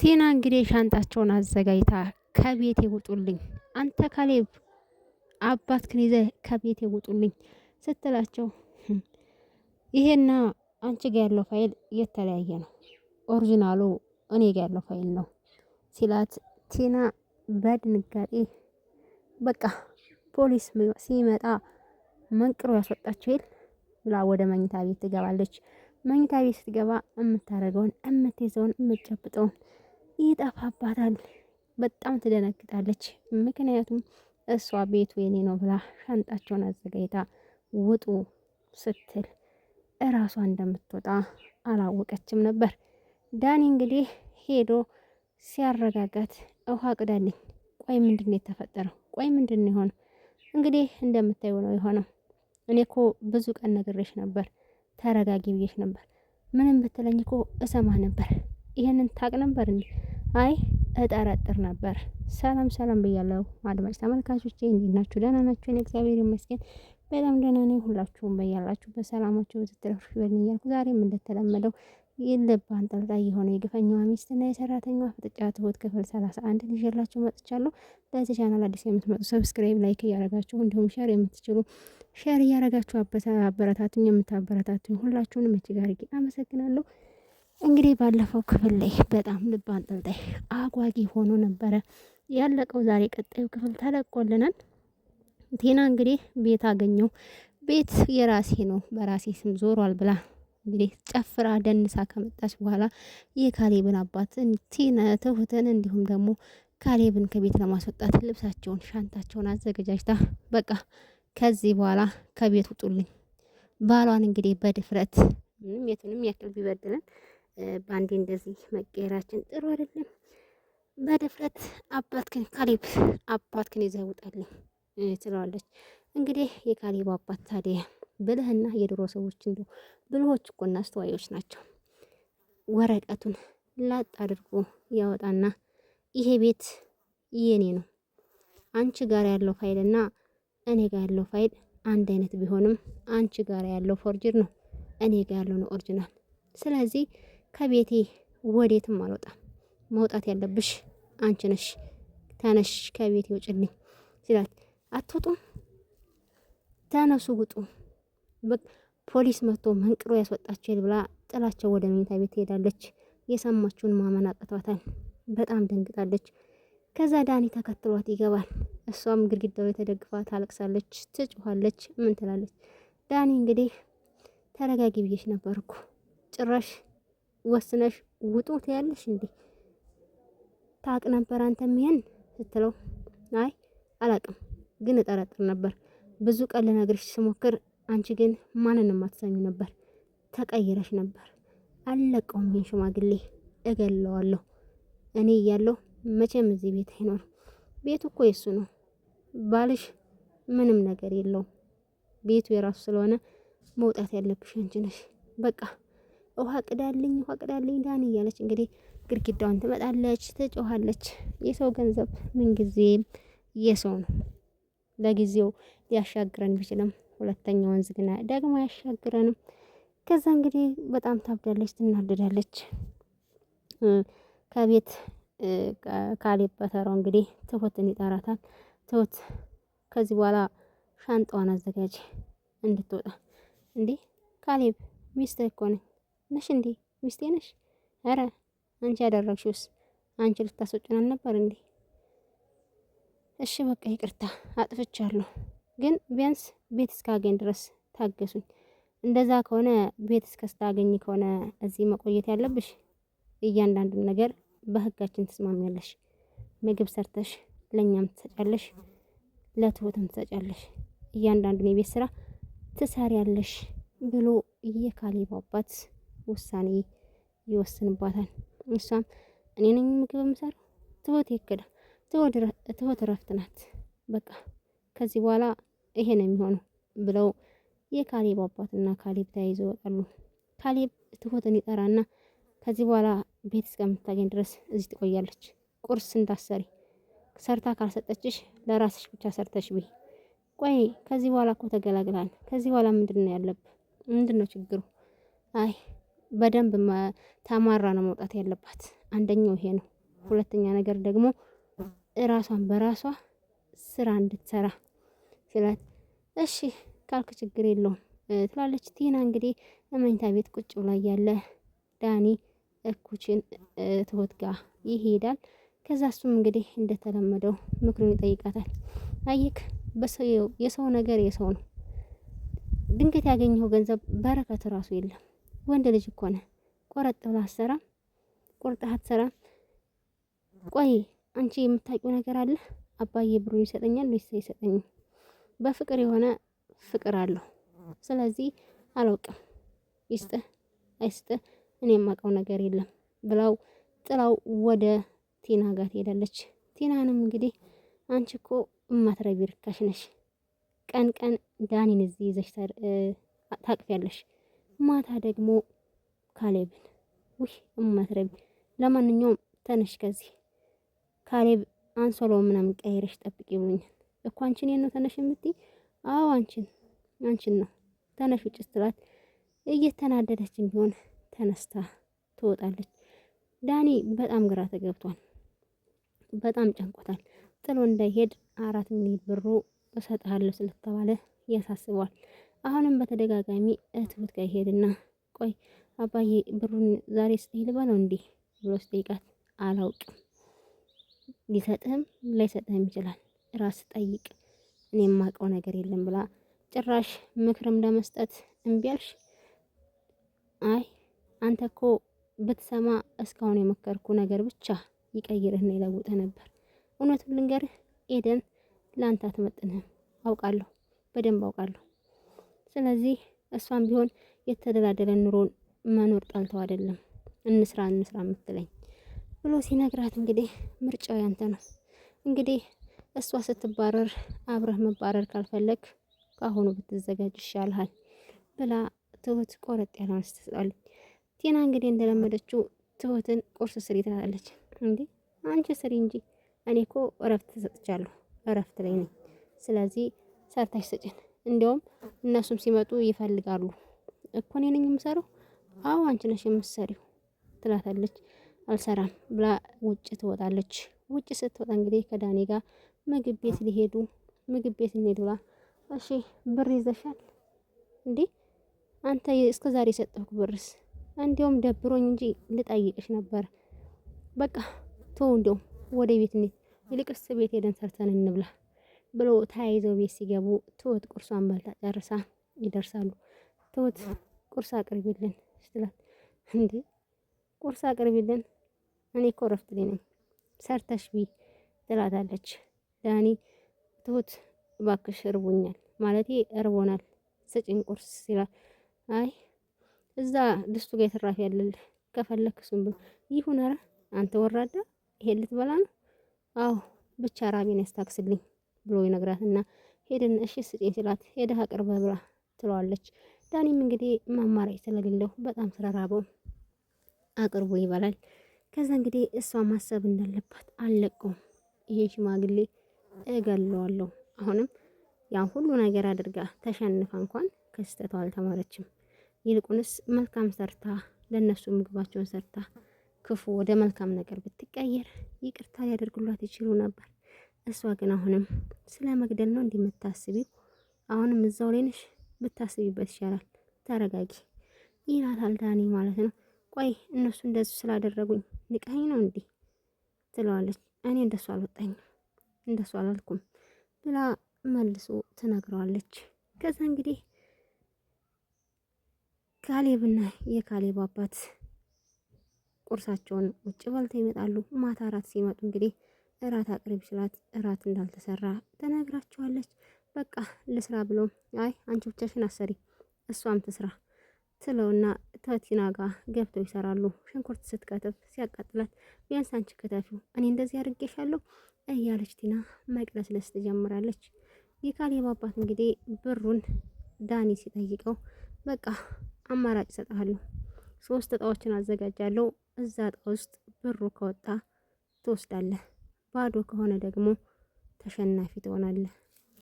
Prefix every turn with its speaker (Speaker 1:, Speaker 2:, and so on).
Speaker 1: ቲና እንግዲህ ሻንጣቸውን አዘጋጅታ ከቤት ይውጡልኝ፣ አንተ ካሌብ አባትክን ይዘህ ከቤት ይውጡልኝ ስትላቸው ይሄና አንቺ ጋ ያለው ፋይል የተለያየ ነው፣ ኦሪጂናሉ እኔ ጋ ያለው ፋይል ነው ሲላት ቴና በድንጋጤ በቃ ፖሊስ ሲመጣ መንቅሮ ያስወጣቸው ይል ብላ ወደ መኝታ ቤት ትገባለች። መኝታ ቤት ስትገባ የምታደርገውን፣ የምትይዘውን፣ የምትጨብጠውን ይጠፋባታል። በጣም ትደነግጣለች። ምክንያቱም እሷ ቤቱ የኔ ነው ብላ ሻንጣቸውን አዘጋጅታ ውጡ ስትል እራሷ እንደምትወጣ አላወቀችም ነበር። ዳኒ እንግዲህ ሄዶ ሲያረጋጋት ውሃ ቅዳልኝ፣ ቆይ ምንድን የተፈጠረው? ቆይ ምንድን የሆነ የሆነው? እንግዲህ እንደምታዩ ነው የሆነው። እኔ እኮ ብዙ ቀን ነግሬሽ ነበር፣ ተረጋጊ ብዬሽ ነበር። ምንም ብትለኝ እኮ እሰማ ነበር ይህንን ታቅ ነበር እንዴ? አይ እጠረጥር ነበር። ሰላም ሰላም ብያለሁ አድማጭ ተመልካቾቼ፣ እንዴት ናችሁ? ደህና ናችሁ? እግዚአብሔር ይመስገን በጣም ደህና ነኝ። ሁላችሁም በያላችሁ በሰላማችሁ ብትተረፉ ይበልኛል። ዛሬም እንደተለመደው ልብ አንጠልጣይ የሆነ የግፈኛዋ ሚስትና የሰራተኛዋ ፍጥጫ ትሁት ክፍል ሰላሳ አንድ ይዤላችሁ መጥቻለሁ። ለዚህ ቻናል አዲስ የምትመጡ ሰብስክራይብ፣ ላይክ እያረጋችሁ እንዲሁም ሼር የምትችሉ ሼር እያረጋችሁ አበረታቱኝ። የምታበረታቱኝ ሁላችሁንም እጅግ አድርጌ አመሰግናለሁ። እንግዲህ ባለፈው ክፍል ላይ በጣም ልብ አንጠልጣይ አጓጊ ሆኖ ነበረ ያለቀው። ዛሬ ቀጣዩ ክፍል ተለቆልናል። ቴና እንግዲህ ቤት አገኘው። ቤት የራሴ ነው በራሴ ስም ዞሯል ብላ እንግዲህ ጨፍራ ደንሳ ከመጣች በኋላ የካሌብን አባትን ቴና ትሁትን እንዲሁም ደግሞ ካሌብን ከቤት ለማስወጣት ልብሳቸውን፣ ሻንታቸውን አዘገጃጅታ በቃ ከዚህ በኋላ ከቤት ውጡልኝ ባሏን እንግዲህ በድፍረት ምንም የቱንም ያክል ቢበድለን በአንዴ እንደዚህ መቀየራችን ጥሩ አይደለም። በድፍረት አባትክን ካሊብ አባትክን ይዘህ ውጣልኝ ትለዋለች። እንግዲህ የካሊብ አባት ታዲያ ብልህና የድሮ ሰዎች እንዲ ብልሆች እኮና አስተዋዮች ናቸው። ወረቀቱን ላጥ አድርጎ ያወጣና ይሄ ቤት የኔ ነው፣ አንቺ ጋር ያለው ፋይልና እኔ ጋር ያለው ፋይል አንድ አይነት ቢሆንም አንቺ ጋር ያለው ፎርጅር ነው፣ እኔ ጋር ያለው ነው ኦሪጂናል። ስለዚህ ከቤቴ ወዴትም አልወጣም። መውጣት ያለብሽ አንቺ ነሽ። ተነሽ፣ ከቤቴ ውጭልኝ ሲላት አትወጡም፣ ተነሱ፣ ውጡ፣ ፖሊስ መጥቶ መንቅሮ ያስወጣችኋል ብላ ጥላቸው ወደ መኝታ ቤት ትሄዳለች። የሰማችውን ማመን አቅቷታል። በጣም ደንግጣለች። ከዛ ዳኒ ተከትሏት ይገባል። እሷም ግድግዳው የተደግፋ ታለቅሳለች፣ ትጮኋለች፣ ምን ትላለች። ዳኒ እንግዲህ ተረጋጊ ብዬሽ ነበርኩ ጭራሽ ወስነሽ ውጡ ትያለሽ እንዴ? ታቅ ነበር አንተም ይሄን ስትለው፣ አይ አላቅም፣ ግን እጠረጥር ነበር። ብዙ ቀን ልነግርሽ ስሞክር፣ አንቺ ግን ማንንም አትሰሚ ነበር። ተቀይረሽ ነበር። አለቀውም። ይህን ሽማግሌ እገለዋለሁ። እኔ እያለሁ መቼም እዚህ ቤት አይኖርም። ቤቱ እኮ የሱ ነው። ባልሽ ምንም ነገር የለውም። ቤቱ የራሱ ስለሆነ መውጣት ያለብሽ አንቺ ነሽ። በቃ ውሃ ቅዳልኝ፣ ውሃ ቅዳልኝ ዳኒ እያለች እንግዲህ ግድግዳውን ትመጣለች፣ ትጮኋለች። የሰው ገንዘብ ምንጊዜም የሰው ነው። ለጊዜው ሊያሻግረን ቢችልም ሁለተኛ ወንዝ ግና ደግሞ አያሻግረንም። ከዛ እንግዲህ በጣም ታብዳለች፣ ትናደዳለች። ከቤት ካሌብ በተራው እንግዲህ ትሁትን ይጠራታል። ትሁት ከዚህ በኋላ ሻንጣዋን አዘጋጅ እንድትወጣ። እንዴ ካሌብ ሚስትህ እኮ ነኝ ነሽ እንዴ? ሚስቴ ነሽ? አረ አንቺ ያደረግሽውስ አንቺ ልታስወጭን አልነበር እንዴ? እሺ በቃ ይቅርታ አጥፍቻለሁ፣ ግን ቢያንስ ቤት እስካገኝ ድረስ ታገሱኝ። እንደዛ ከሆነ ቤት እስከስታገኝ ከሆነ እዚህ መቆየት ያለብሽ እያንዳንዱን ነገር በህጋችን ትስማሚያለሽ። ምግብ ሰርተሽ ለእኛም ትሰጫለሽ፣ ለትሁትም ትሰጫለሽ፣ እያንዳንዱን የቤት ስራ ትሰሪያለሽ ብሎ የካሌብ ውሳኔ ይወስንባታል። እሷም እኔ ነኝ ምግብ የምሰራው፣ ትሁት ይክዳል። ትሁት እረፍት ናት። በቃ ከዚህ በኋላ ይሄ ነው የሚሆነው ብለው የካሌብ አባትና ካሌብ ተያይዘው ይወጣሉ። ካሌብ ትሁትን ይጠራና ከዚህ በኋላ ቤት እስከምታገኝ ድረስ እዚህ ትቆያለች። ቁርስ እንዳሰሪ ሰርታ ካልሰጠችሽ ለራስሽ ብቻ ሰርተሽ ብይ። ቆይ ከዚህ በኋላ እኮ ተገላግላል። ከዚህ በኋላ ምንድን ነው ያለብህ? ምንድን ነው ችግሩ? አይ በደንብ ተማራ ነው መውጣት ያለባት። አንደኛው ይሄ ነው። ሁለተኛ ነገር ደግሞ እራሷን በራሷ ስራ እንድትሰራ ስላት እሺ ካልክ ችግር የለውም ትላለች። ቲና እንግዲህ እመኝታ ቤት ቁጭ ብላ እያለ ዳኒ እኩችን ትሁት ጋ ይሄዳል። ከዛ እሱም እንግዲህ እንደተለመደው ምክሩን ይጠይቃታል። አይክ የሰው ነገር የሰው ነው። ድንገት ያገኘው ገንዘብ በረከት እራሱ የለም። ወንድ ልጅ እኮ ነህ። ቆረጥ ብላ አትሰራም፣ ቁርጥ ቆይ አንቺ የምታውቂው ነገር አለ? አባዬ ብሩ ይሰጠኛል ወይስ አይሰጠኝም? በፍቅር የሆነ ፍቅር አለው። ስለዚህ አላውቅም፣ ይስጥህ አይስጥህ እኔ የማውቀው ነገር የለም ብላው ጥላው ወደ ቲና ጋር ትሄዳለች። ቲናንም እንግዲህ አንቺ እኮ እማትረቢ ርካሽ ነሽ፣ ቀን ቀን ዳኒን እዚህ ይዘሽ ታቅፊያለሽ ማታ ደግሞ ካሌብን ውይ እማትረቢ። ለማንኛውም ተነሽ ከዚህ ካሌብ አንሶሎ ምናምን ቀይረሽ ጠብቂ ብሎኛል እኮ። አንቺን ነው ተነሽ የምትይ? አዎ አንቺን አንቺን ነው ተነሽ ውጭ ስትላት እየተናደደችን ቢሆን ተነስታ ትወጣለች። ዳኒ በጣም ግራ ተገብቷል። በጣም ጨንቆታል። ጥሎ እንዳይሄድ አራት ሚሊዮን ብሩ እሰጥሃለሁ ስለተባለ ያሳስበዋል። አሁንም በተደጋጋሚ ትሁት ጋር ይሄድና ቆይ አባዬ ብሩን ዛሬ ስትይ ልባ እንዴ ብሎ ስጠይቃት አላውቅም፣ ሊሰጥህም ላይሰጥህም ይችላል፣ ራስ ጠይቅ፣ እኔ የማውቀው ነገር የለም ብላ ጭራሽ ምክርም ለመስጠት እምቢ አልሽ። አይ አንተ እኮ ብትሰማ እስካሁን የመከርኩ ነገር ብቻ ይቀይርህና ይለውጥህ ነበር። እውነቱን ልንገርህ ኤደን ለአንተ አትመጥንህም። አውቃለሁ፣ በደንብ አውቃለሁ። ስለዚህ እሷም ቢሆን የተደላደለ ኑሮን መኖር ጠልተው አይደለም እንስራ እንስራ የምትለኝ ብሎ ሲነግራት እንግዲህ ምርጫው ያንተ ነው። እንግዲህ እሷ ስትባረር አብረህ መባረር ካልፈለግ ከአሁኑ ብትዘጋጅ ይሻልሃል ብላ ትሁት ቆረጥ ያለውን ስትሰጣለች። ቲና እንግዲህ እንደለመደችው ትሁትን ቁርስ ስሪ ትላለች። እንዴ አንቺ ስሪ እንጂ እኔ እኮ እረፍት ሰጥቻለሁ፣ እረፍት ላይ ነኝ። ስለዚህ ሰርታች ስጭን እንዲያውም እነሱም ሲመጡ ይፈልጋሉ እኮ እኔ ነኝ የምሰራው። አዎ አንቺ ነሽ የምትሰሪው ትላታለች። አልሰራም ብላ ውጭ ትወጣለች። ውጭ ስትወጣ እንግዲህ ከዳኔ ጋር ምግብ ቤት ሊሄዱ ምግብ ቤት እንሄድ ብላ እሺ ብር ይዘሻል እንዴ? አንተ እስከ ዛሬ የሰጠሁት ብርስ እንዲያውም ደብሮኝ እንጂ ልጠይቅሽ ነበር። በቃ ተው እንዲያውም ወደ ቤት እንሂድ፣ ይልቅስ ቤት ሄደን ሰርተን እንብላ ብሎ ተያይዘው ቤት ሲገቡ ትሁት ቁርሷን በልታ ጨርሳ ይደርሳሉ። ትሁት ቁርስ አቅርቢልን ስትላት እንዴ ቁርስ አቅርቢልን እኔ እኮ እረፍት ላይ ነኝ ሰርተሽ ቢ ትላታለች። ዳኒ ትሁት እባክሽ እርቦኛል ማለት እርቦናል ስጭኝ ቁርስ ሲላል አይ እዛ ድስቱ ጋር የትራፊ ያለል ከፈለክ እሱን ብሎ ይሁን። ኧረ አንተ ወራዳ ይሄ ልትበላ ነው? አዎ ብቻ ራቢን ያስታክስልኝ ብሎ ይነግራትና ሄደን እሺ ስጪኝ ሲላት ሄደህ አቅርበህ ብላ ትለዋለች። ዳኒም እንግዲህ ማማራጭ ስለሌለው በጣም ስለራበው አቅርቦ ይበላል። ከዛ እንግዲህ እሷ ማሰብ እንዳለባት አልለቀውም፣ ይሄ ሽማግሌ እገለዋለሁ። አሁንም ያን ሁሉ ነገር አድርጋ ተሸንፋ እንኳን ከስተቷ አልተማረችም። ይልቁንስ መልካም ሰርታ ለእነሱ ምግባቸውን ሰርታ ክፉ ወደ መልካም ነገር ብትቀየር ይቅርታ ሊያደርጉላት ይችሉ ነበር። እሷ ግን አሁንም ስለ መግደል ነው እንደምታስቢው፣ አሁንም እዛው ላይ ነሽ፣ ብታስቢበት ይሻላል፣ ተረጋጊ ይላታል ዳኒ ማለት ነው። ቆይ እነሱ እንደዚህ ስላደረጉኝ ንቃኝ ነው እንዲህ ትለዋለች። እኔ እንደሱ አልወጣኝም እንደሱ አላልኩም ብላ መልሶ ትነግረዋለች። ከዛ እንግዲህ ካሌብና የካሌብ አባት ቁርሳቸውን ውጭ በልተው ይመጣሉ። ማታ አራት ሲመጡ እንግዲህ እራት አቅርብ ስላት እራት እንዳልተሰራ ተነግራችኋለች። በቃ ልስራ ብሎ አይ አንቺ ብቻሽን አሰሪ እሷም ትስራ ትለውና ተቲና ጋ ገብተው ይሰራሉ። ሽንኩርት ስትከትፍ ሲያቃጥላት ቢያንስ አንቺ ከተፊው እኔ እንደዚህ አድርጌሻለሁ እያለች ቲና መቅለስለስ ትጀምራለች። የካሌብ አባት እንግዲህ ብሩን ዳኒ ሲጠይቀው በቃ አማራጭ እሰጥሃለሁ፣ ሶስት እጣዎችን አዘጋጃለሁ፣ እዛ እጣ ውስጥ ብሩ ከወጣ ትወስዳለህ ባዶ ከሆነ ደግሞ ተሸናፊ ትሆናለህ።